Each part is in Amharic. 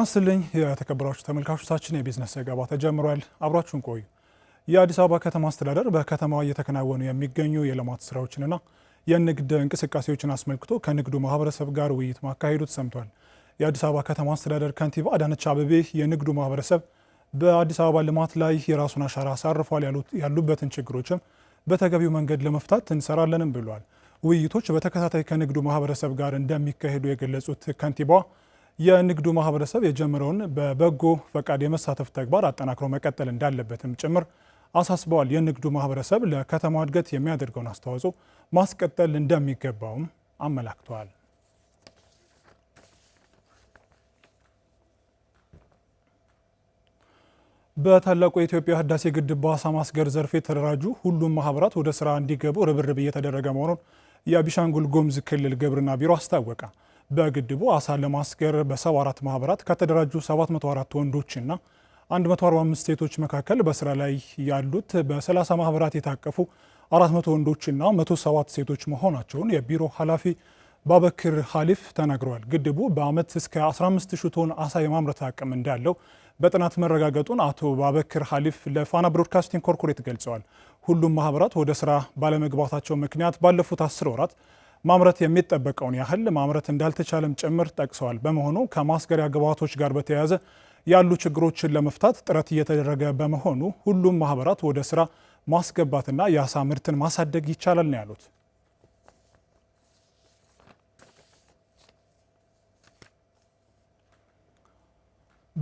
አንስልኝ የተከበራችሁ ተመልካቾቻችን የቢዝነስ ዘገባ ተጀምሯል። አብራችሁን ቆዩ። የአዲስ አበባ ከተማ አስተዳደር በከተማዋ እየተከናወኑ የሚገኙ የልማት ስራዎችንና የንግድ እንቅስቃሴዎችን አስመልክቶ ከንግዱ ማህበረሰብ ጋር ውይይት ማካሄዱ ተሰምቷል። የአዲስ አበባ ከተማ አስተዳደር ከንቲባ አዳነች አበቤ የንግዱ ማህበረሰብ በአዲስ አበባ ልማት ላይ የራሱን አሻራ አሳርፏል ያሉበትን ችግሮችም በተገቢው መንገድ ለመፍታት እንሰራለንም ብሏል። ውይይቶች በተከታታይ ከንግዱ ማህበረሰብ ጋር እንደሚካሄዱ የገለጹት ከንቲባ የንግዱ ማህበረሰብ የጀመረውን በበጎ ፈቃድ የመሳተፍ ተግባር አጠናክሮ መቀጠል እንዳለበትም ጭምር አሳስበዋል። የንግዱ ማህበረሰብ ለከተማ እድገት የሚያደርገውን አስተዋጽኦ ማስቀጠል እንደሚገባውም አመላክተዋል። በታላቁ የኢትዮጵያ ህዳሴ ግድብ በአሳ ማስገር ዘርፍ የተደራጁ ሁሉም ማህበራት ወደ ስራ እንዲገቡ ርብርብ እየተደረገ መሆኑን የቢሻንጉል ጉሙዝ ክልል ግብርና ቢሮ አስታወቀ። በግድቡ አሳ ለማስገር በ74 ማህበራት ከተደራጁ 704 ወንዶችና 145 ሴቶች መካከል በስራ ላይ ያሉት በ30 ማህበራት የታቀፉ 400 ወንዶችና 107 ሴቶች መሆናቸውን የቢሮ ኃላፊ ባበክር ሀሊፍ ተናግረዋል። ግድቡ በአመት እስከ 15 ሺህ ቶን አሳ የማምረት አቅም እንዳለው በጥናት መረጋገጡን አቶ ባበክር ሀሊፍ ለፋና ብሮድካስቲንግ ኮርፖሬት ገልጸዋል። ሁሉም ማህበራት ወደ ስራ ባለመግባታቸው ምክንያት ባለፉት 10 ወራት ማምረት የሚጠበቀውን ያህል ማምረት እንዳልተቻለም ጭምር ጠቅሰዋል። በመሆኑ ከማስገሪያ ግብዓቶች ጋር በተያያዘ ያሉ ችግሮችን ለመፍታት ጥረት እየተደረገ በመሆኑ ሁሉም ማህበራት ወደ ስራ ማስገባትና የአሳ ምርትን ማሳደግ ይቻላል ነው ያሉት።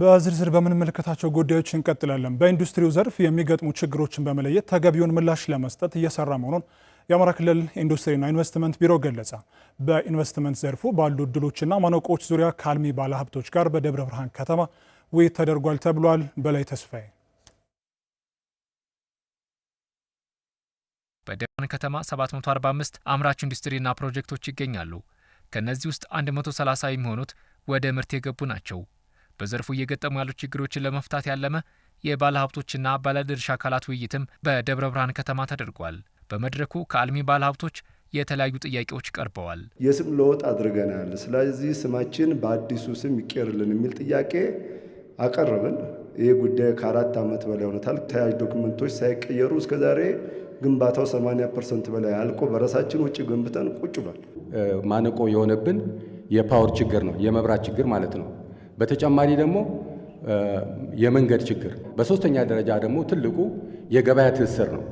በዝርዝር በምንመለከታቸው ጉዳዮች እንቀጥላለን። በኢንዱስትሪው ዘርፍ የሚገጥሙ ችግሮችን በመለየት ተገቢውን ምላሽ ለመስጠት እየሰራ መሆኑን የአማራ ክልል ኢንዱስትሪና ኢንቨስትመንት ቢሮ ገለጸ። በኢንቨስትመንት ዘርፉ ባሉ እድሎችና ማነቆዎች ዙሪያ ከአልሚ ባለሀብቶች ጋር በደብረ ብርሃን ከተማ ውይይት ተደርጓል ተብሏል። በላይ ተስፋዬ በደብረን ከተማ 745 አምራች ኢንዱስትሪና ፕሮጀክቶች ይገኛሉ። ከእነዚህ ውስጥ 130 የሚሆኑት ወደ ምርት የገቡ ናቸው። በዘርፉ እየገጠሙ ያሉ ችግሮችን ለመፍታት ያለመ የባለሀብቶችና ባለድርሻ አካላት ውይይትም በደብረ ብርሃን ከተማ ተደርጓል። በመድረኩ ከአልሚ ባለሀብቶች የተለያዩ ጥያቄዎች ቀርበዋል። የስም ለውጥ አድርገናል፣ ስለዚህ ስማችን በአዲሱ ስም ይቀርልን የሚል ጥያቄ አቀረብን። ይህ ጉዳይ ከአራት ዓመት በላይ ሆነታል። ተያዥ ዶክመንቶች ሳይቀየሩ እስከዛሬ ግንባታው 80 ፐርሰንት በላይ አልቆ በራሳችን ውጭ ገንብተን ቁጭ ብሏል። ማነቆ የሆነብን የፓወር ችግር ነው፣ የመብራት ችግር ማለት ነው። በተጨማሪ ደግሞ የመንገድ ችግር፣ በሶስተኛ ደረጃ ደግሞ ትልቁ የገበያ ትስስር ነው።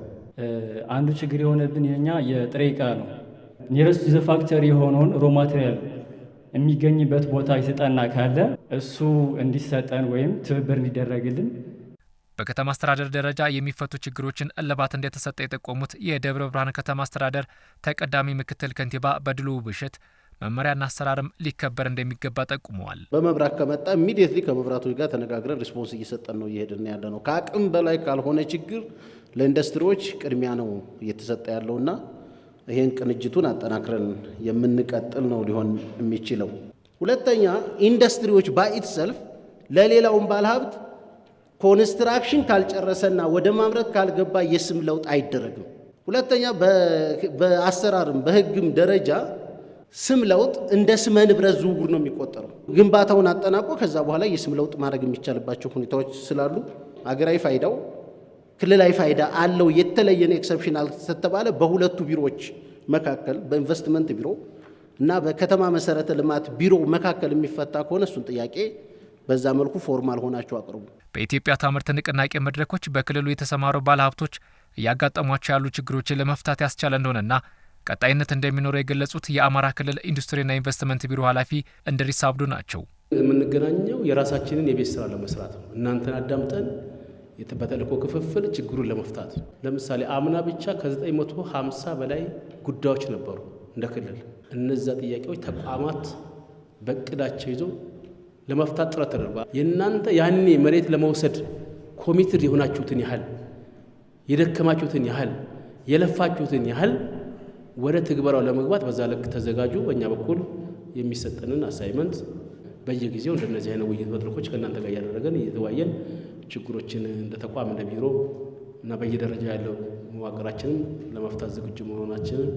አንዱ ችግር የሆነብን የኛ የጥሬ እቃ ነው። ኒረስት ዘ ፋክተሪ የሆነውን ሮ ማቴሪያል የሚገኝበት ቦታ የተጠና ካለ እሱ እንዲሰጠን ወይም ትብብር እንዲደረግልን በከተማ አስተዳደር ደረጃ የሚፈቱ ችግሮችን እልባት እንደተሰጠ የጠቆሙት የደብረ ብርሃን ከተማ አስተዳደር ተቀዳሚ ምክትል ከንቲባ በድሉ ብሽት መመሪያና አሰራርም ሊከበር እንደሚገባ ጠቁመዋል። በመብራት ከመጣ ኢሚዲየትሊ ከመብራቶች ጋር ተነጋግረን ሪስፖንስ እየሰጠን ነው እየሄድን ያለ ነው። ከአቅም በላይ ካልሆነ ችግር ለኢንዱስትሪዎች ቅድሚያ ነው እየተሰጠ ያለውና ይህን ቅንጅቱን አጠናክረን የምንቀጥል ነው ሊሆን የሚችለው። ሁለተኛ ኢንዱስትሪዎች ባይት ሰልፍ ለሌላውን ባለሀብት ኮንስትራክሽን ካልጨረሰና ወደ ማምረት ካልገባ የስም ለውጥ አይደረግም። ሁለተኛ በአሰራርም በህግም ደረጃ ስም ለውጥ እንደ ስመ ንብረት ዝውውር ነው የሚቆጠረው። ግንባታውን አጠናቆ ከዛ በኋላ የስም ለውጥ ማድረግ የሚቻልባቸው ሁኔታዎች ስላሉ አገራዊ ፋይዳው ክልላዊ ፋይዳ አለው። የተለየን ኤክሰፕሽን ከተባለ በሁለቱ ቢሮዎች መካከል በኢንቨስትመንት ቢሮ እና በከተማ መሰረተ ልማት ቢሮ መካከል የሚፈታ ከሆነ እሱን ጥያቄ በዛ መልኩ ፎርማል ሆናቸው አቅርቡ። በኢትዮጵያ ታምርት ንቅናቄ መድረኮች በክልሉ የተሰማሩ ባለሀብቶች እያጋጠሟቸው ያሉ ችግሮችን ለመፍታት ያስቻለ እንደሆነና ቀጣይነት እንደሚኖረው የገለጹት የአማራ ክልል ኢንዱስትሪና ኢንቨስትመንት ቢሮ ኃላፊ እንድሪስ አብዱ ናቸው። የምንገናኘው የራሳችንን የቤት ስራ ለመስራት ነው። እናንተን አዳምጠን የተበተልኮ ክፍፍል ችግሩን ለመፍታት ለምሳሌ አምና ብቻ ከ950 በላይ ጉዳዮች ነበሩ እንደ ክልል። እነዛ ጥያቄዎች ተቋማት በእቅዳቸው ይዞ ለመፍታት ጥረት ተደርጓል። የእናንተ ያኔ መሬት ለመውሰድ ኮሚትድ የሆናችሁትን ያህል የደከማችሁትን ያህል የለፋችሁትን ያህል ወደ ትግበራው ለመግባት በዛ ልክ ተዘጋጁ። በእኛ በኩል የሚሰጠንን አሳይመንት በየጊዜው እንደነዚህ አይነት ውይይት መድረኮች ከእናንተ ጋር እያደረገን እየተወያየን ችግሮችን እንደ ተቋም እንደ ቢሮ እና በየደረጃ ያለው መዋቅራችንን ለመፍታት ዝግጁ መሆናችንን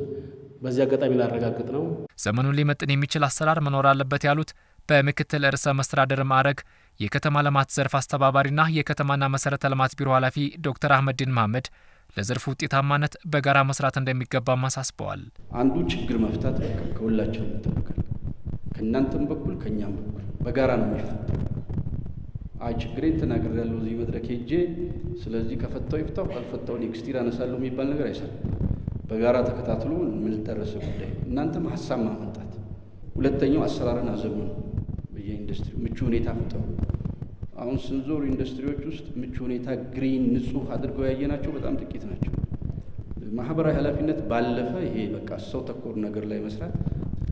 በዚህ አጋጣሚ ላረጋግጥ ነው። ዘመኑን ሊመጥን የሚችል አሰራር መኖር አለበት ያሉት በምክትል ርዕሰ መስተዳደር ማዕረግ የከተማ ልማት ዘርፍ አስተባባሪና የከተማና መሰረተ ልማት ቢሮ ኃላፊ ዶክተር አህመድዲን መሐመድ ለዘርፉ ውጤታማነት በጋራ መስራት እንደሚገባም አሳስበዋል። አንዱ ችግር መፍታት ከሁላቸው ከሁላችንም ይጠበቃል። ከእናንተም በኩል ከእኛም በኩል በጋራ ነው የሚፈታው። አይ ችግሬን ያለው እዚህ መድረክ ሄጄ፣ ስለዚህ ከፈታው ይፍታው ካልፈታው ኔክስት አነሳለሁ የሚባል ነገር አይሰራም። በጋራ ተከታትሎ የምንደረሰ ጉዳይ እናንተም ሀሳብ ማመጣት፣ ሁለተኛው አሰራርን አዘምኑ። በየኢንዱስትሪ ምቹ ሁኔታ ፍጠሩ። አሁን ስንዞር ኢንዱስትሪዎች ውስጥ ምቹ ሁኔታ ግሪን ንጹህ አድርገው ያየናቸው በጣም ጥቂት ናቸው። ማህበራዊ ኃላፊነት ባለፈ ይሄ በቃ ሰው ተኮር ነገር ላይ መስራት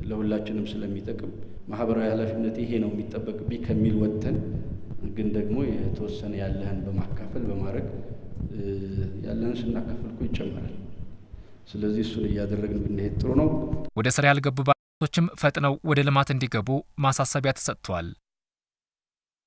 ለሁላችንም ስለሚጠቅም ማህበራዊ ኃላፊነት ይሄ ነው የሚጠበቅብኝ ከሚል ወጥተን ግን ደግሞ የተወሰነ ያለህን በማካፈል በማድረግ ያለንን ስናካፈል እኮ ይጨመራል። ስለዚህ እሱን እያደረግን ብንሄድ ጥሩ ነው። ወደ ስራ ያልገቡ ባለሀብቶችም ፈጥነው ወደ ልማት እንዲገቡ ማሳሰቢያ ተሰጥቷል።